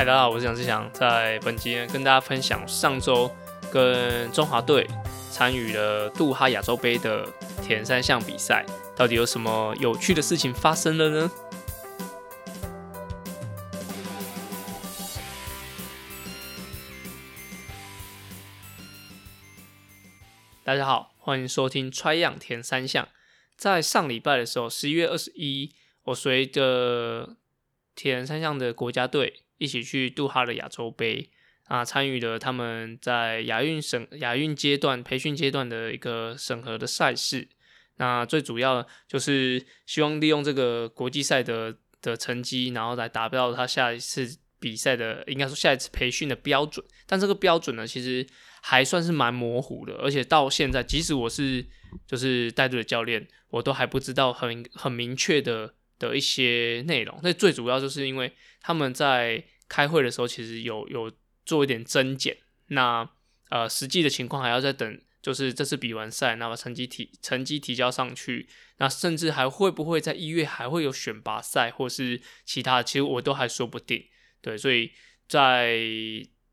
嗨，大家好，我是蔣志祥，在本集跟大家分享上周跟中華隊參與了杜哈亞洲盃的鐵人三項比賽，到底有什麼有趣的事情發生了呢？大家好，歡迎收聽 TriYang 鐵人三項。在上禮拜的時候，十一月二十一，我隨着鐵人三項的國家隊。一起去杜哈的亞洲盃啊，參與了他們在亞運審亞運階段、培訓階段的一個審核的賽事。那最主要就是希望利用這個國際賽的的成績，然後來達到他下一次比賽的，應該說下一次培訓的標準。但這個標準呢，其實還算是蠻模糊的。而且到現在，即使我是就是帶隊的教練，我都還不知道很很明確的的一些內容。那最主要就是因為他們在。開會的時候，其實有有做一點增減，那呃實際的情況還要再等，就是這次比完賽，那把成績提成績提交上去，那甚至還會不會在一月還會有選拔賽或是其他，其實我都還說不定。對，所以在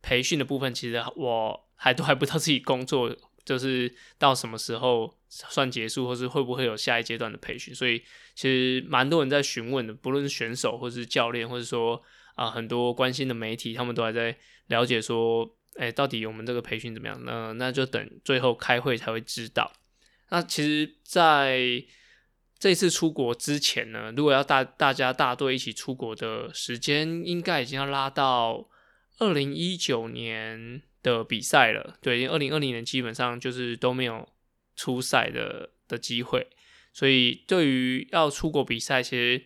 培訓的部分，其實我還都還不知道自己工作，就是到什麼時候算結束，或是會不會有下一階段的培訓，所以其實蠻多人在詢問的，不論是選手或是教練，或者說。啊，很多關心的媒體，他們都還在了解說，哎、欸，到底我們這個培訓怎麼樣呢？那那就等最後開會才會知道。那其實，在這次出國之前呢，如果要大大家大隊一起出國的時間，應該已經要拉到二零一九年的比賽了。對，因為二零二零年基本上就是都沒有出賽的的機會，所以對於要出國比賽，其實。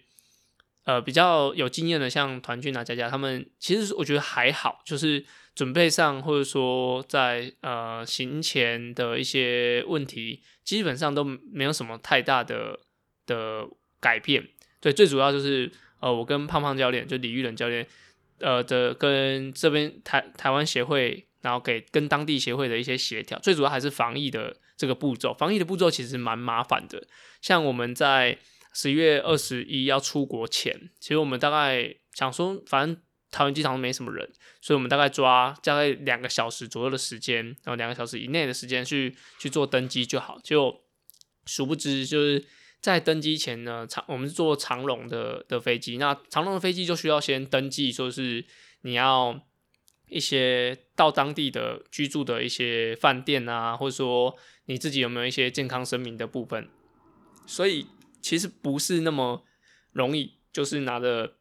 呃，比較有經驗的，像團軍啊，佳佳，他們其實我覺得還好，就是準備上或者說在呃行前的一些問題，基本上都沒有什麼太大的的改變。對，最主要就是呃，我跟胖胖教練，就李玉龍教練，呃的跟這邊台台灣協會，然後給跟當地協會的一些協調，最主要還是防疫的這個步驟。防疫的步驟其實蠻麻煩的，像我們在。十一月二十一要出國前，其實我們大概想說，反正桃園機場沒什麼人，所以我們大概抓大概兩個小時左右的時間，然後兩個小時以內的時間去去做登機就好。就殊不知就是在登機前呢，長我們是坐長榮的的飛機，那長榮的飛機就需要先登記，說是你要一些到當地的居住的一些飯店啊，或者說你自己有沒有一些健康聲明的部分，所以。其實不是那麼容易，就是拿着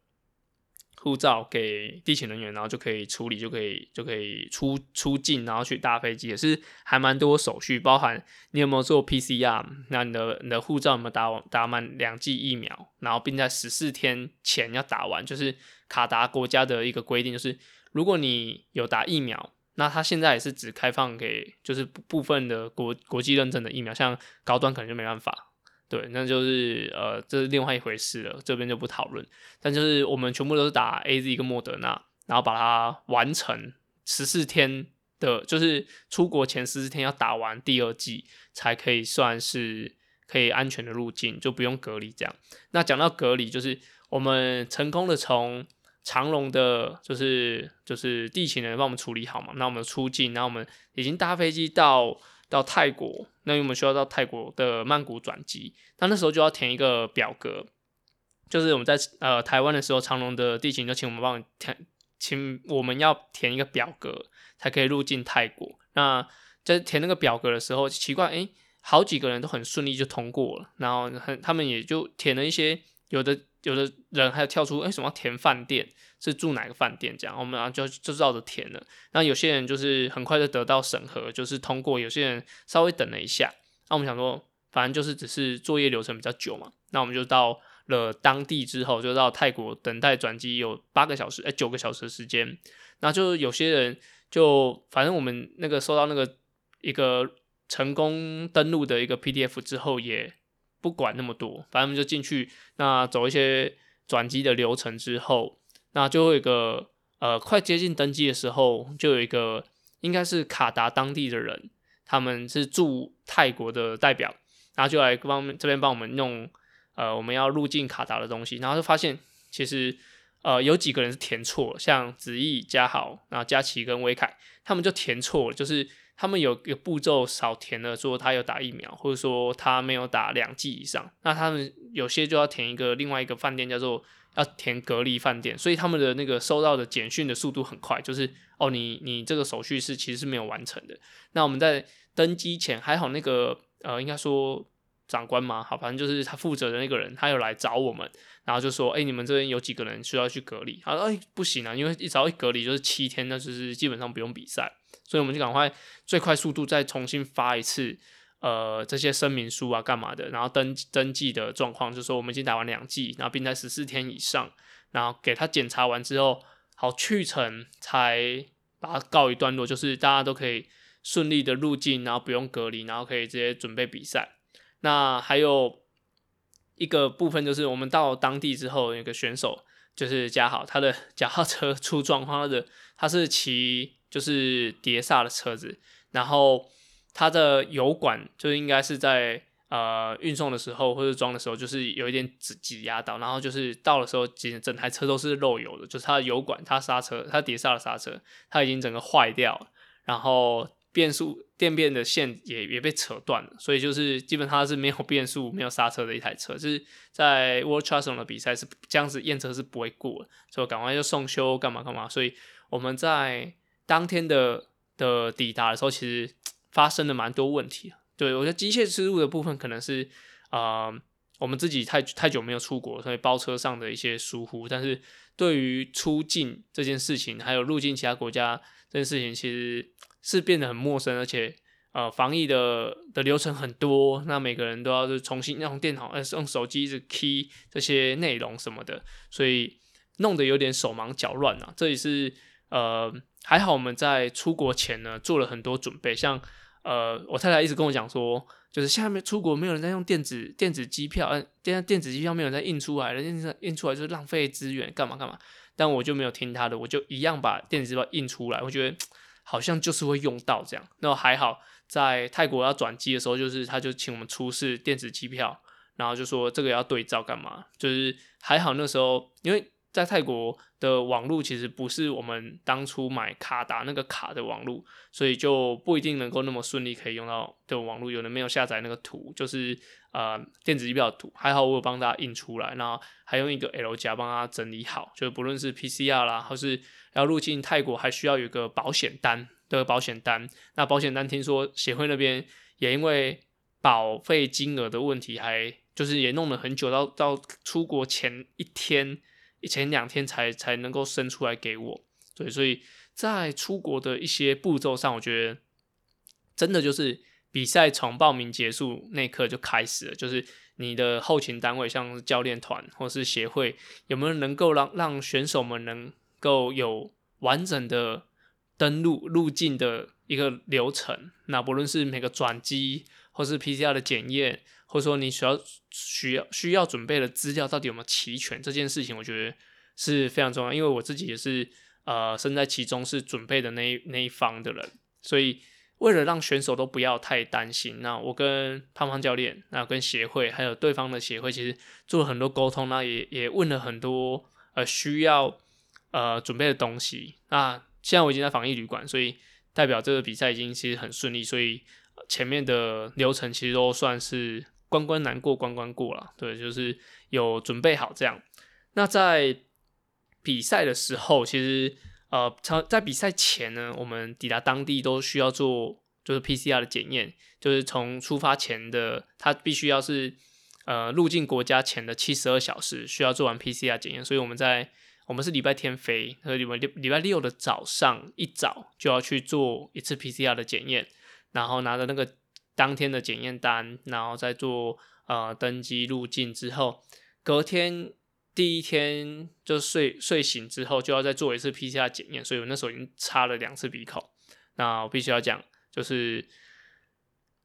護照給地勤人員，然後就可以處理，就可以就可以出出境，然後去搭飛機，也是還蠻多手續，包含你有沒有做 PCR，那你的你的護照有沒有打完打滿兩劑疫苗，然後並在十四天前要打完，就是卡達國家的一個規定，就是如果你有打疫苗，那他現在也是只開放給就是部分的國國際認證的疫苗，像高端可能就沒辦法。對，那就是呃，這是另外一回事了，這邊就不討論。但就是我們全部都是打 AZ 跟莫德納，然後把它完成十四天的，就是出國前十四天要打完第二劑，才可以算是可以安全的入境，就不用隔離這樣。那講到隔離，就是我們成功的從長隆的、就是，就是就是地勤人員幫我們處理好嘛，那我們出境，然後我們已經搭飛機到。到泰國，那因為我們需要到泰國的曼谷轉機，那那時候就要填一個表格，就是我們在呃台灣的時候，長榮的地勤就請我們幫填，請我們要填一個表格才可以入境泰國。那在填那個表格的時候，奇怪，哎、欸，好幾個人都很順利就通過了，然後很他們也就填了一些，有的有的人還要跳出，為、欸、什麼要填飯店？是住哪個飯店？這樣我們啊就就照着填了。那有些人就是很快就得到審核，就是通過；有些人稍微等了一下。那我們想說，反正就是只是作業流程比較久嘛。那我們就到了當地之後，就到泰國等待轉機有八個小時，哎，九個小時的時間。那就有些人就反正我們那個收到那個一個成功登錄的一個 PDF 之後，也不管那麼多，反正我們就進去，那走一些轉機的流程之後。那最後一個，呃，快接近登機的時候，就有一個應該是卡達當地的人，他們是駐泰國的代表，然後就來幫這邊幫我們弄，呃，我們要入境卡達的東西，然後就發現其實，呃，有幾個人是填錯了，像子毅、嘉豪，然後佳琪跟威凱，他們就填錯了，就是他們有個步驟少填了，說他有打疫苗，或者說他沒有打兩劑以上，那他們有些就要填一個另外一個飯店叫做。要填隔離飯店，所以他們的那個收到的簡訊的速度很快，就是哦，你你這個手續是其實是沒有完成的。那我們在登機前還好那個呃，應該說長官嘛，好，反正就是他負責的那個人，他有來找我們，然後就說，哎、欸，你們這邊有幾個人需要去隔離？他說，哎、欸，不行啊，因為一早一隔離就是七天，那就是基本上不用比賽，所以我們就趕快最快速度再重新發一次。呃，這些聲明書啊，幹嘛的？然後登登記的狀況，就說我們已經打完兩劑，然後並在十四天以上，然後給他檢查完之後，好去程，才把它告一段落，就是大家都可以順利的入境，然後不用隔離，然後可以直接準備比賽。那還有一個部分就是，我們到當地之後，那個選手就是嘉豪，他的腳踏車出狀況的，他是騎就是碟剎的車子，然後。它的油管就是、應該是在呃運送的時候或者裝的時候，就是有一點擠擠壓到，然後就是到的時候，整整台車都是漏油的，就是它的油管、它剎車、它碟剎的剎車，它已經整個壞掉了，然後變速電變的線也也被扯斷了，所以就是基本上是沒有變速、沒有剎車的一台車，就是在 World Triathlon 的比賽是這樣子驗車是不會過的，所以趕快就送修幹嘛幹嘛，所以我們在當天的的抵達的時候，其實。發生了蠻多問題啊！對我覺得機械失誤的部分可能是啊、呃，我們自己太太久沒有出國，所以包車上的一些疏忽。但是對於出境這件事情，還有入境其他國家這件事情，其實是變得很陌生，而且呃，防疫的的流程很多，那每個人都要重新用電腦，呃，用手機一直 key 這些內容什麼的，所以弄得有點手忙腳亂啊。這也是。呃，還好我們在出國前呢，做了很多準備，像呃，我太太一直跟我講說，就是現在出國沒有人在用電子電子機票，嗯、呃，電電子機票沒有人在印出來了，印印出來就是浪費資源，幹嘛幹嘛。但我就沒有聽他的，我就一樣把電子機票印出來，我覺得好像就是會用到這樣。那還好，在泰國要轉機的時候，就是他就請我們出示電子機票，然後就說這個要對照幹嘛，就是還好那時候因為在泰國的網路其實不是我們當初買卡達那個卡的網路，所以就不一定能夠那麼順利可以用到的網路。有人沒有下載那個圖，就是呃電子機票圖，還好我有幫大家印出來，然後還用一個 L 夾幫大家整理好。就是不論是 PCR 啦，或是要入境泰國，還需要有個保險單的保險單。那保險單聽說協會那邊也因為保費金額的問題還，還就是也弄了很久，到到出國前一天。以前兩天才才能夠生出來給我，對，所以在出國的一些步驟上，我覺得真的就是比賽從報名結束那一刻就開始了，就是你的後勤單位，像是教練團或是協會，有沒有能夠讓讓選手們能夠有完整的登錄入境的一個流程？那不論是每個轉機。或是 PCR 的檢驗，或說你需要需要需要準備的資料到底有沒有齊全，這件事情我覺得是非常重要，因為我自己也是呃身在其中是準備的那那一方的人，所以為了讓選手都不要太擔心，那我跟胖胖教練，那跟協會，跟協會還有對方的協會，其實做了很多溝通，那也也問了很多呃需要呃準備的東西。那現在我已經在防疫旅館，所以代表這個比賽已經其實很順利，所以。前面的流程其實都算是關關難過關關過了，對，就是有準備好這樣。那在比賽的時候，其實呃，在比賽前呢，我們抵達當地都需要做就是 PCR 的檢驗，就是從出發前的他必須要是呃入境國家前的七十二小時需要做完 PCR 檢驗，所以我們在我們是禮拜天飛，所以禮拜六禮拜六的早上一早就要去做一次 PCR 的檢驗。然後拿着那個當天的檢驗單，然後再做呃登機入境之後，隔天第一天就睡睡醒之後就要再做一次 PCR 檢驗，所以我那時候已經插了兩次鼻孔。那我必須要講，就是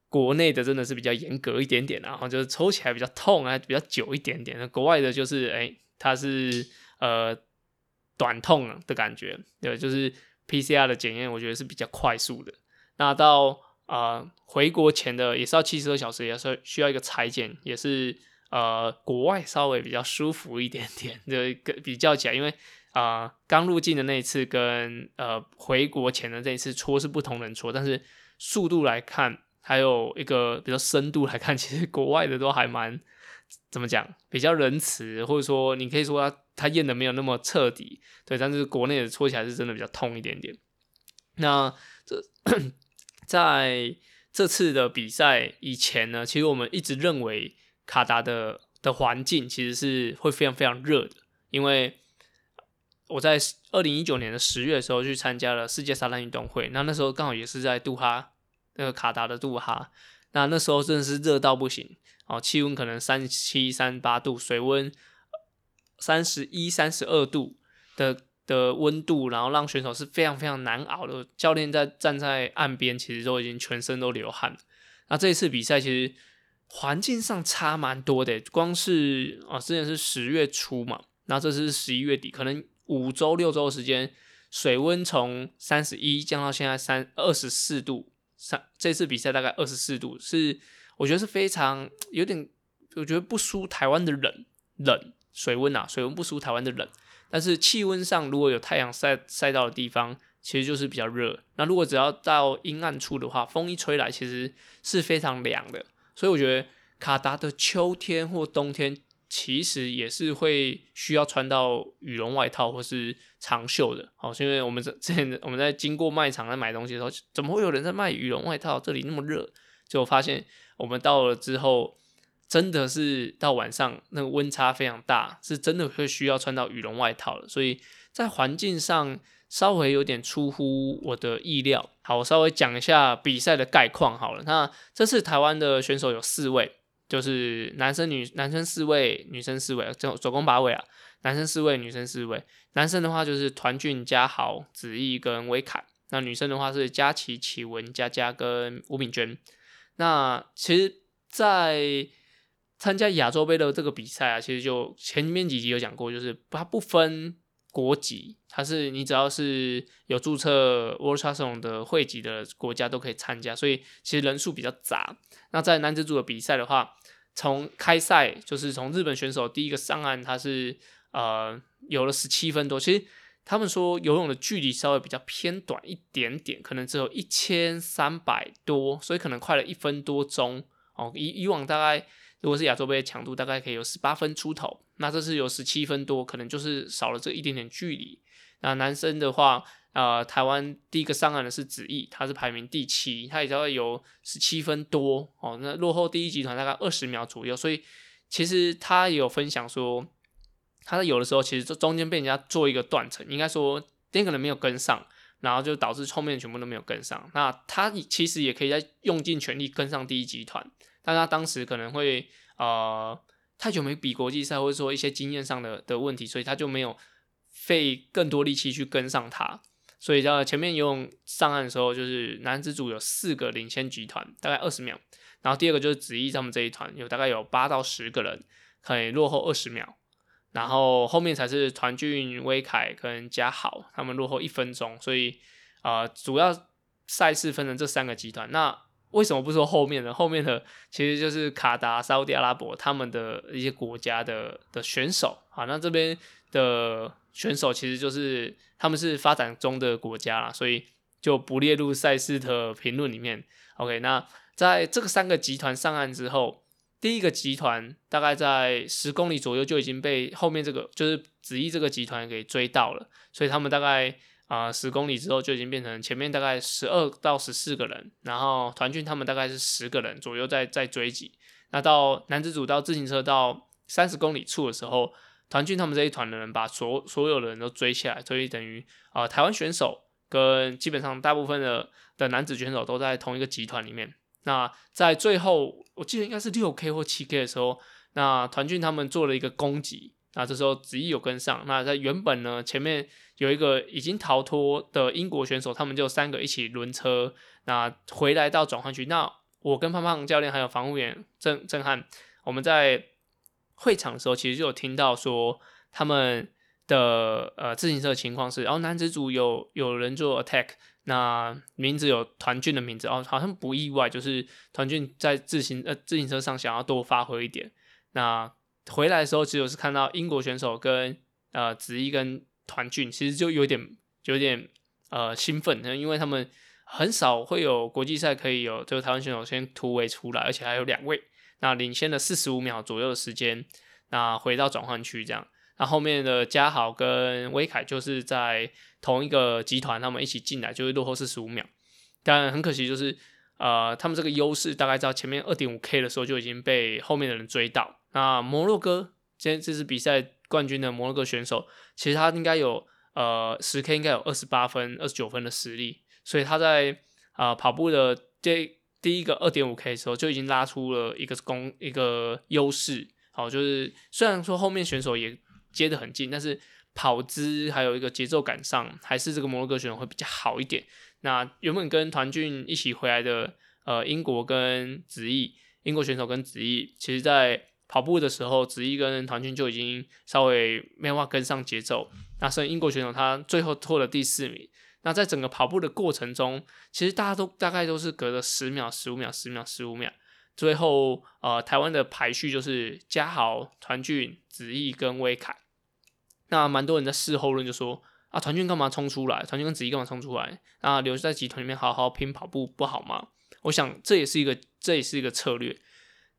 國內的真的是比較嚴格一點點，啊，然後就是抽起來比較痛，還比較久一點點。那國外的就是哎，它是呃短痛的感覺，對，就是 PCR 的檢驗，我覺得是比較快速的。那到啊、呃，回國前的也是要七十二小時，也是需要一個採檢，也是呃，國外稍微比較舒服一點點的一個比較起來，因為啊、呃，剛入境的那一次跟呃回國前的這一次戳是不同人戳，但是速度來看，還有一個比較深度來看，其實國外的都還蠻怎麼講，比較仁慈，或者說你可以說他他驗的沒有那麼徹底，對，但是國內的戳起來是真的比較痛一點點，那這。 在這次的比賽以前呢，其實我們一直認為卡達的的環境其實是會非常非常熱的，因為我在二零一九年的十月的時候去參加了世界沙灘運動會，那那時候剛好也是在杜哈，那個卡達的杜哈，那那時候真的是熱到不行哦，氣溫可能三十七三十八度，水溫三十一三十二度的的溫度，然後讓選手是非常非常難熬的。教練在站在岸邊，其實都已經全身都流汗。那這一次比賽其實環境上差蠻多的，光是啊，之前是十月初嘛，那這次是十一月底，可能五周六周的時間，水溫從三十一降到現在三二十四度。三這次比賽大概二十四度，是我覺得是非常有點，我覺得不輸台灣的冷冷水溫啊，水溫不輸台灣的冷。但是氣溫上，如果有太陽曬曬到的地方，其實就是比較熱。那如果只要到陰暗處的話，風一吹來，其實是非常涼的。所以我覺得卡達的秋天或冬天，其實也是會需要穿到羽絨外套或是長袖的。好，因為我們這之前我們在經過賣場在買東西的時候，怎麼會有人在賣羽絨外套？這裡那麼熱，就發現我們到了之後。真的是到晚上，那個溫差非常大，是真的會需要穿到羽絨外套了。所以在環境上稍微有點出乎我的意料。好，我稍微講一下比賽的概況好了。那這次台灣的選手有四位，就是男生女男生四位，女生四位，就總共八位啊。男生四位，女生四位。男生的話就是團俊、嘉豪、子毅跟威凱。那女生的話是嘉琪、琪文、佳佳跟吳敏娟。那其實，在參加亞洲盃的這個比賽啊，其實就前面幾集有講過，就是它不分國籍，它是你只要是有註冊 World Triathlon 的會籍的國家都可以參加，所以其實人數比較雜。那在男子組的比賽的話，從開賽就是從日本選手第一個上岸，他是呃游了十七分多。其實他們說游泳的距離稍微比較偏短一點點，可能只有一千三百多，所以可能快了一分多鐘哦。以以往大概。如果是亞洲盃的強度，大概可以有十八分出頭，那這次有十七分多，可能就是少了這一點點距離。那男生的話，呃，台灣第一個上岸的是子毅，他是排名第七，他也會有十七分多哦，那落後第一集團大概二十秒左右。所以其實他也有分享說，他有的時候其實中間被人家做一個斷層，應該說那個人沒有跟上，然後就導致後面全部都沒有跟上。那他其實也可以再用盡全力跟上第一集團。但他當時可能會呃太久沒比國際賽，或者說一些經驗上的的問題，所以他就沒有費更多力氣去跟上他。所以在前面游泳上岸的時候，就是男子組有四個領先集團，大概二十秒。然後第二個就是子怡他們這一團，有大概有八到十個人，可以落後二十秒。然後後面才是團俊、威凱跟加豪他們落後一分鐘。所以啊、呃，主要賽事分成這三個集團。那為什麼不說後面的？後面的其實就是卡達、沙烏地阿拉伯他們的一些國家的的選手啊。那這邊的選手其實就是他們是發展中的國家啦，所以就不列入賽事的評論裡面。OK，那在這個三個集團上岸之後，第一個集團大概在十公里左右就已經被後面這個就是子怡這個集團給追到了，所以他們大概。啊、呃，十公里之後就已經變成前面大概十二到十四個人，然後團俊他們大概是十個人左右在在追擊。那到男子組到自行車到三十公里處的時候，團俊他們這一團的人把所所有的人都追起來，所以等於啊、呃、台灣選手跟基本上大部分的的男子選手都在同一個集團裡面。那在最後，我記得應該是六 K 或七 K 的時候，那團俊他們做了一個攻擊，那這時候子怡有跟上。那在原本呢前面。有一個已經逃脫的英國選手，他們就三個一起輪車，那回來到轉換區。那我跟胖胖教練還有防護員震震撼，我們在會場的時候其實就有聽到說他們的呃自行車的情況是，然後男子組有有人做 attack，那名字有團畯的名字，哦，好像不意外，就是團畯在自行呃自行車上想要多發揮一點。那回來的時候只有是看到英國選手跟呃子怡跟。團駿其實就有點就有點呃興奮，因為他們很少會有國際賽可以有，就是台灣選手先突圍出來，而且還有兩位，那領先了四十五秒左右的時間，那回到轉換區這樣，那後面的嘉豪跟威凱就是在同一個集團，他們一起進來就是落後四十五秒，但很可惜就是呃他們這個優勢大概在前面二點五 K 的時候就已經被後面的人追到，那摩洛哥今天這次比賽。冠軍的摩洛哥選手，其實他應該有呃十 k 應該有二十八分，二十九分的實力，所以他在呃跑步的第第一個二點五 k 的時候就已經拉出了一個攻一個優勢，好，哦，就是雖然說後面選手也接得很近，但是跑姿還有一個節奏感上，還是這個摩洛哥選手會比較好一點。那原本跟團俊一起回來的呃英國跟子毅，英國選手跟子毅，其實在。跑步的時候，子毅跟團俊就已經稍微沒有辦法跟上節奏。那所以英國選手他最後拖了第四名。那在整個跑步的過程中，其實大家都大概都是隔了十秒、十五秒、十秒、十五秒。最後，呃，台灣的排序就是嘉豪、團俊、子毅跟威凱。那蠻多人在事後論就說啊，團俊幹嘛衝出來？團俊跟子毅幹嘛衝出來？那留在集團裡面好好拼跑步不好嗎？我想這也是一個這也是一個策略。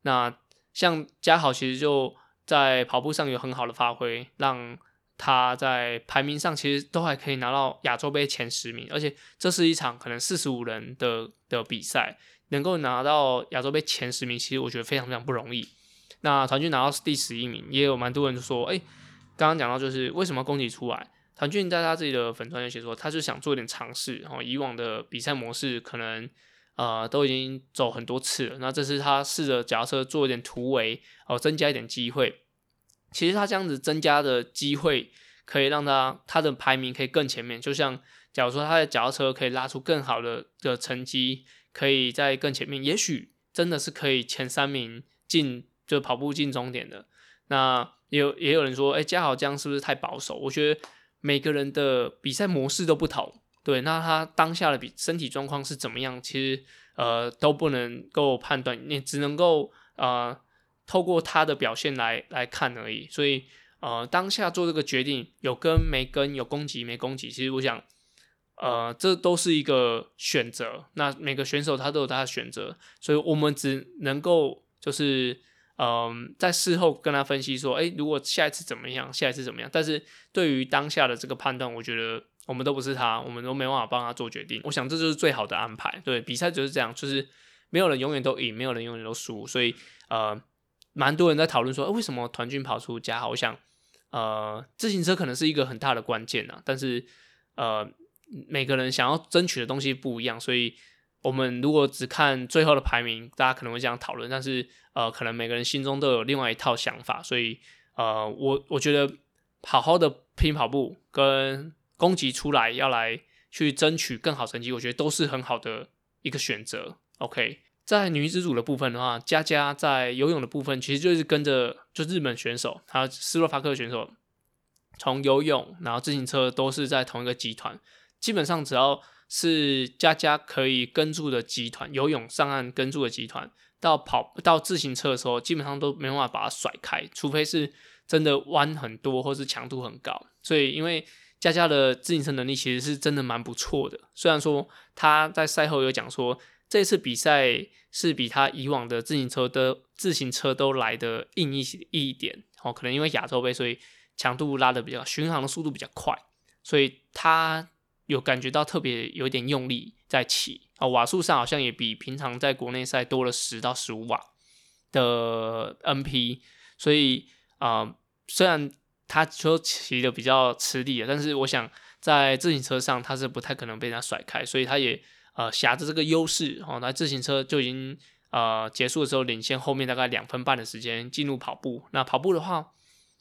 那。像佳豪其實就在跑步上有很好的發揮，讓他在排名上其實都還可以拿到亞洲杯前十名，而且這是一場可能四十五人的的比賽，能夠拿到亞洲杯前十名，其實我覺得非常非常不容易。那團俊拿到第十一名，也有蠻多人說，哎、欸，剛剛講到就是為什麼攻擊出來，團俊在他自己的粉專頁就寫說，他就想做一點嘗試，然後以往的比賽模式可能。呃，都已經走很多次了，那這次他試着腳踏車做一點突圍，哦，增加一點機會。其實他這樣子增加的機會，可以讓他他的排名可以更前面。就像假如說他的腳踏車可以拉出更好的的成績，可以在更前面，也許真的是可以前三名進，就跑步進終點的。那也有也有人說，哎，家豪這樣是不是太保守？我覺得每個人的比賽模式都不同。對，那他當下的比身體狀況是怎麼樣？其實，呃，都不能夠判斷，你只能夠啊、呃、透過他的表現來來看而已。所以，呃，當下做這個決定，有跟沒跟，有攻擊沒攻擊，其實我想，呃，這都是一個選擇。那每個選手他都有他的選擇，所以我們只能夠就是，嗯、呃，在事後跟他分析說，哎，如果下一次怎麼樣，下一次怎麼樣。但是，對於當下的這個判斷，我覺得。我們都不是他，我們都沒辦法幫他做決定。我想這就是最好的安排。對，比賽就是這樣，就是沒有人永遠都贏，沒有人永遠都輸。所以，呃，蠻多人在討論說誒為什麼團軍跑出家？我想，呃，自行車可能是一個很大的關鍵呢，啊。但是，呃，每個人想要爭取的東西不一樣。所以，我們如果只看最後的排名，大家可能會這樣討論。但是，呃，可能每個人心中都有另外一套想法。所以，呃，我我覺得好好的拼跑步跟。攻擊出來要來去爭取更好成績，我覺得都是很好的一個選擇。OK，在女子組的部分的話，佳佳在游泳的部分其實就是跟着就是日本選手，還有斯洛伐克選手從游泳，然後自行車都是在同一個集團。基本上只要是佳佳可以跟住的集團，游泳上岸跟住的集團，到跑到自行車的時候，基本上都沒辦法把它甩開，除非是真的彎很多或是強度很高。所以因為。佳佳的自行車能力其實是真的蠻不錯的，雖然說他在賽後有講說，這次比賽是比他以往的自行車的自行車都來得硬一些一點，哦，可能因為亞洲杯，所以強度拉得比較，巡航的速度比較快，所以他有感覺到特別有點用力在騎，啊、哦，瓦數上好像也比平常在國內賽多了十到十五瓦的 NP，所以啊、呃，雖然。他說騎的比較吃力啊，但是我想在自行車上他是不太可能被人家甩開，所以他也呃挾着這個優勢哦，那自行車就已經呃結束的時候領先後面大概兩分半的時間進入跑步。那跑步的話，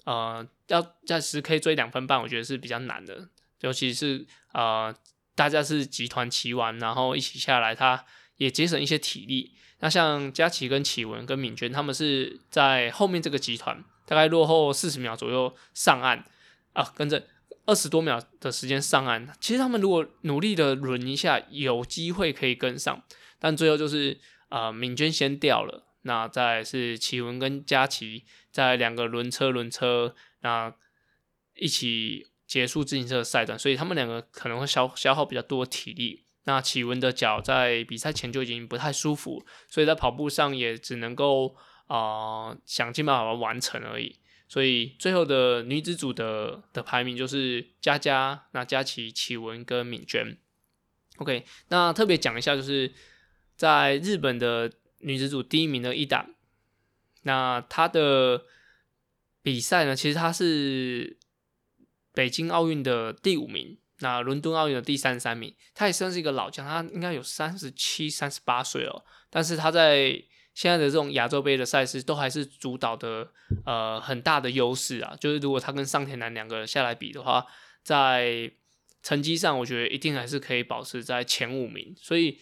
呃要在十 K 追兩分半，我覺得是比較難的，尤其是呃大家是集團騎完然後一起下來，他也節省一些體力。那像佳琪跟啟文跟敏娟他們是在後面這個集團。大概落後四十秒左右上岸啊，跟着二十多秒的時間上岸。其實他們如果努力的輪一下，有機會可以跟上。但最後就是啊，呃，敏娟先掉了，那再是啟文跟佳琪在兩個輪車輪車，那一起結束自行車賽段。所以他們兩個可能會消消耗比較多的體力。那啟文的腳在比賽前就已經不太舒服，所以在跑步上也只能夠。啊、呃，想盡辦法把它完成而已。所以最後的女子組的的排名就是佳佳，那佳琪、啟文跟敏娟。OK，那特別講一下，就是在日本的女子組第一名的一檔，那她的比賽呢，其實她是北京奧運的第五名，那倫敦奧運的第三十三名。她也算是一個老將，她應該有三十七、三十八歲了，但是她在。現在的這種亞洲盃的賽事都還是主導的，呃，很大的優勢啊。就是如果他跟上田藍兩個下來比的話，在成績上，我覺得一定還是可以保持在前五名。所以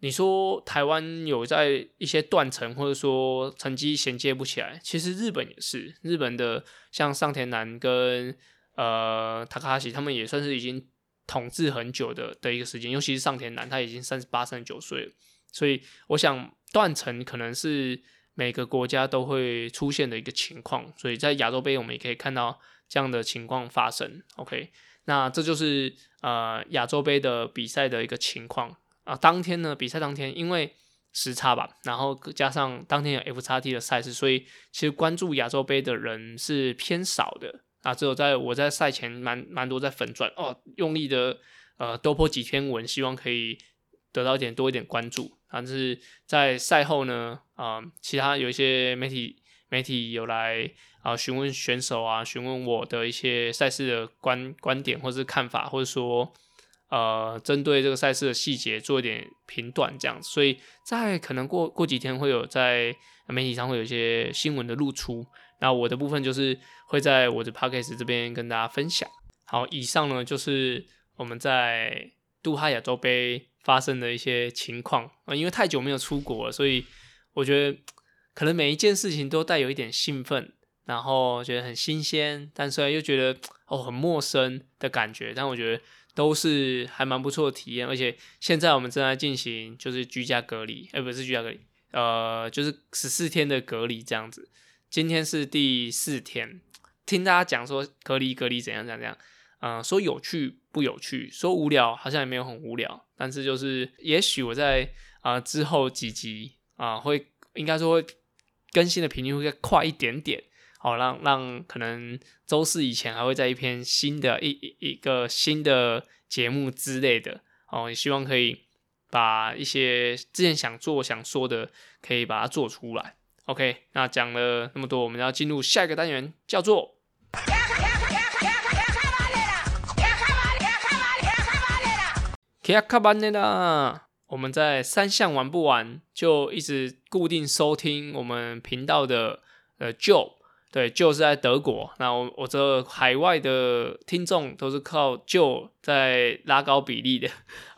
你說台灣有在一些斷層或者說成績銜接不起來，其實日本也是。日本的像上田藍跟呃塔卡西，Takashi, 他們也算是已經統治很久的的一個時間。尤其是上田藍，他已經三十八、三十九歲了，所以我想。斷層可能是每個國家都會出現的一個情況，所以在亞洲盃我們也可以看到這樣的情況發生。OK，那這就是呃亞洲盃的比賽的一個情況啊。當天呢，比賽當天因為時差吧，然後加上當天有 FXT 的賽事，所以其實關注亞洲盃的人是偏少的啊。只有在我在賽前蠻蠻多在粉專哦，用力的呃多播幾篇文，希望可以得到一點多一點關注。但、啊就是在賽後呢，啊、呃，其他有一些媒體媒體有來啊詢、呃、問選手啊，詢問我的一些賽事的觀觀點或是看法，或者說呃針對這個賽事的細節做一點評斷這樣子。所以在可能過過幾天會有在媒體上會有一些新聞的露出。那我的部分就是會在我的 podcast 這邊跟大家分享。好，以上呢就是我們在杜哈亞洲盃，發生的一些情況啊、嗯，因為太久沒有出國了，所以我覺得可能每一件事情都帶有一點興奮，然後覺得很新鮮，但雖然又覺得哦很陌生的感覺，但我覺得都是還蠻不錯的體驗。而且現在我們正在進行就是居家隔離，哎、欸，不是居家隔離，呃，就是十四天的隔離這樣子。今天是第四天，聽大家講說隔離隔離怎樣怎樣怎樣，嗯、呃，說有去。不有趣，說無聊好像也沒有很無聊，但是就是也許我在啊、呃、之後幾集啊、呃、會應該說會更新的頻率會再快一點點，好、哦、讓讓可能周四以前還會在一篇新的一一,一個新的節目之類的，哦也希望可以把一些之前想做想說的可以把它做出來。OK，那講了那麼多，我們要進入下一個單元，叫做。卡內我們在三項玩不完就一直固定收聽我們頻道的呃 Joe 對，就是在德國。那我我這海外的聽眾都是靠 Joe 在拉高比例的。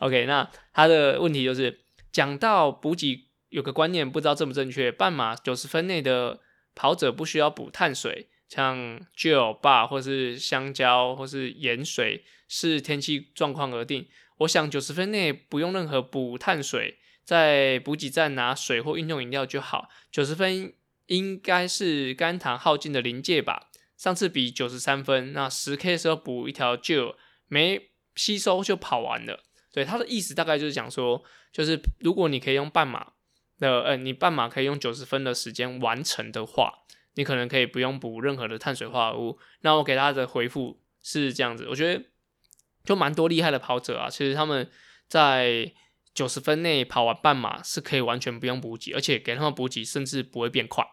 OK，那他的問題就是講到補給有個觀念，不知道正不正確。半馬九十分內的跑者不需要補碳水，像 Gel 吧或是香蕉或是鹽水，視天氣狀況而定。我想九十分內不用任何補碳水，在補給站拿、啊、水或運動飲料就好。九十分應該是肝糖耗盡的臨界吧？上次比九十三分，那十 K 的時候補一條 Gel，沒吸收就跑完了。對，他的意思大概就是講說，就是如果你可以用半馬的，嗯、呃，你半馬可以用九十分的時間完成的話，你可能可以不用補任何的碳水化合物。那我給他的回復是這樣子，我覺得。就蠻多厲害的跑者啊，其實他們在九十分內跑完半馬是可以完全不用補給，而且給他們補給甚至不會變快。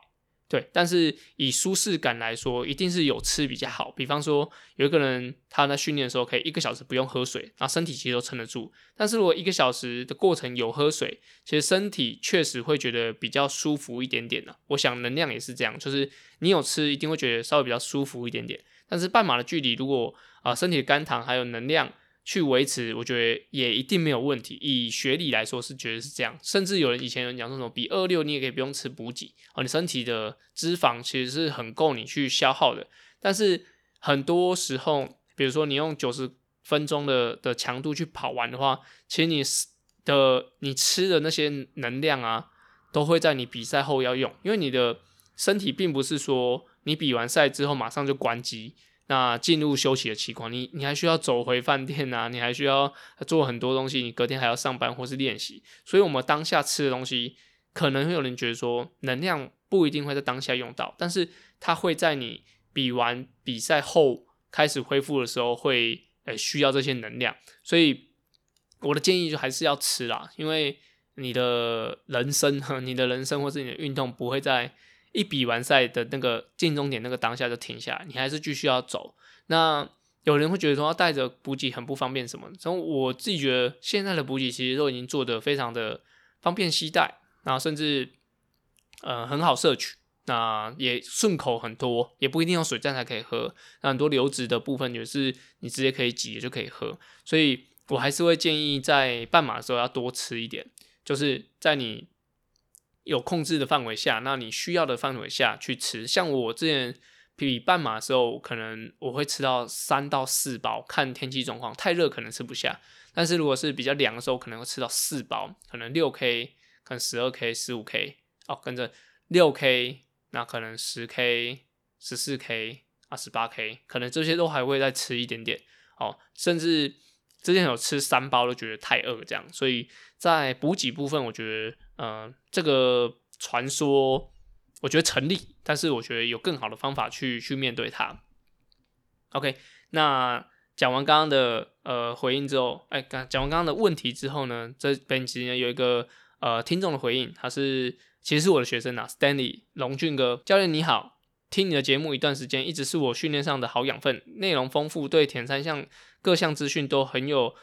對，但是以舒適感來說，一定是有吃比較好。比方說有一個人他在訓練的時候可以一個小時不用喝水，那身體其實都撐得住。但是如果一個小時的過程有喝水，其實身體確實會覺得比較舒服一點點呢。我想能量也是這樣，就是你有吃一定會覺得稍微比較舒服一點點。但是半馬的距離如果啊，身體的肝糖還有能量去維持，我覺得也一定沒有問題。以學理來說，是覺得是這樣。甚至有人以前有人講說什麼比二六，你也可以不用吃補給啊，你身體的脂肪其實是很夠你去消耗的。但是很多時候，比如說你用九十分鐘的的強度去跑完的話，其實你的你吃的那些能量啊，都會在你比賽後要用，因為你的身體並不是說你比完賽之後馬上就關機。那進入休息的期間，你你還需要走回飯店吶、啊，你還需要做很多東西，你隔天還要上班或是練習，所以，我們當下吃的東西，可能會有人覺得說能量不一定會在當下用到，但是它會在你比完比賽後開始恢復的時候會，會、欸、需要這些能量，所以我的建議就還是要吃啦，因為你的人生你的人生或是你的運動不會在。一比完賽的那個進終點那個當下就停下來，你還是繼續要走。那有人會覺得說，要帶着補給很不方便什麼？從我自己覺得，現在的補給其實都已經做得非常的方便攜帶，然後甚至呃很好攝取，那也順口很多，也不一定用水站才可以喝。那很多流質的部分也是你直接可以擠就可以喝。所以我還是會建議在半馬的時候要多吃一點，就是在你。有控制的範圍下，那你需要的範圍下去吃。像我之前比半馬的時候，可能我會吃到三到四包，看天氣狀況，太熱可能吃不下，但是如果是比較涼的時候，我可能會吃到四包，可能六 K，可能十二 K，十五 K，哦，跟着六 K，那可能十 K，十四 K 啊，十八 K，可能這些都還會再吃一點點，哦，甚至之前有吃三包都覺得太餓這樣，所以在補給部分，我覺得。嗯、呃，這個傳說我覺得成立，但是我覺得有更好的方法去去面對它。OK，那講完剛剛的呃回應之後，哎，剛講完剛剛的問題之後呢，這本集呢有一個呃聽眾的回應，他是其實是我的學生啊，Stanley 龍俊哥教練你好，聽你的節目一段時間，一直是我訓練上的好養分，內容豐富，對鐵三項各項資訊都很有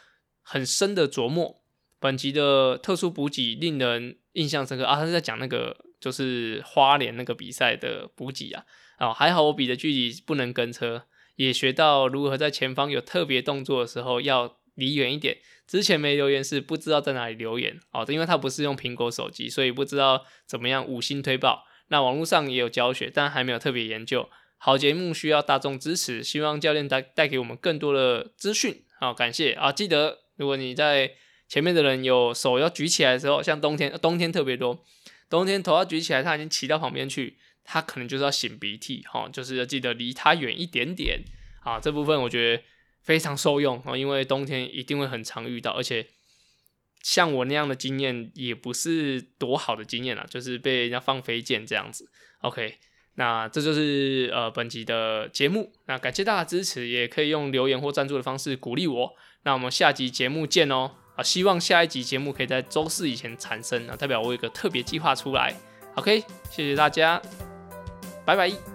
很深的琢磨。本集的特殊補給令人印象深刻啊！他在講那個就是花蓮那個比賽的補給啊啊、哦，還好我比的距離不能跟車，也學到如何在前方有特別動作的時候要離遠一點。之前沒留言是不知道在哪裡留言哦，因為他不是用蘋果手機，所以不知道怎麼樣五星推爆。那網絡上也有教學，但還沒有特別研究。好節目需要大眾支持，希望教練帶帶給我們更多的資訊。好、哦，感謝啊！記得如果你在。前面的人有手要舉起來的時候，像冬天，冬天特別多，冬天頭要舉起來，他已經騎到旁邊去，他可能就是要擤鼻涕哈、哦，就是要記得離他遠一點點啊。這部分我覺得非常受用啊、哦，因為冬天一定會很常遇到，而且像我那樣的經驗也不是多好的經驗、啊、就是被人家放飛劍這樣子。OK，那這就是呃本集的節目，那感謝大家的支持，也可以用留言或贊助的方式鼓勵我。那我們下集節目見哦。好，希望下一集節目可以在周四以前產生，啊，代表我有個特別計劃出來。OK，謝謝大家，拜拜。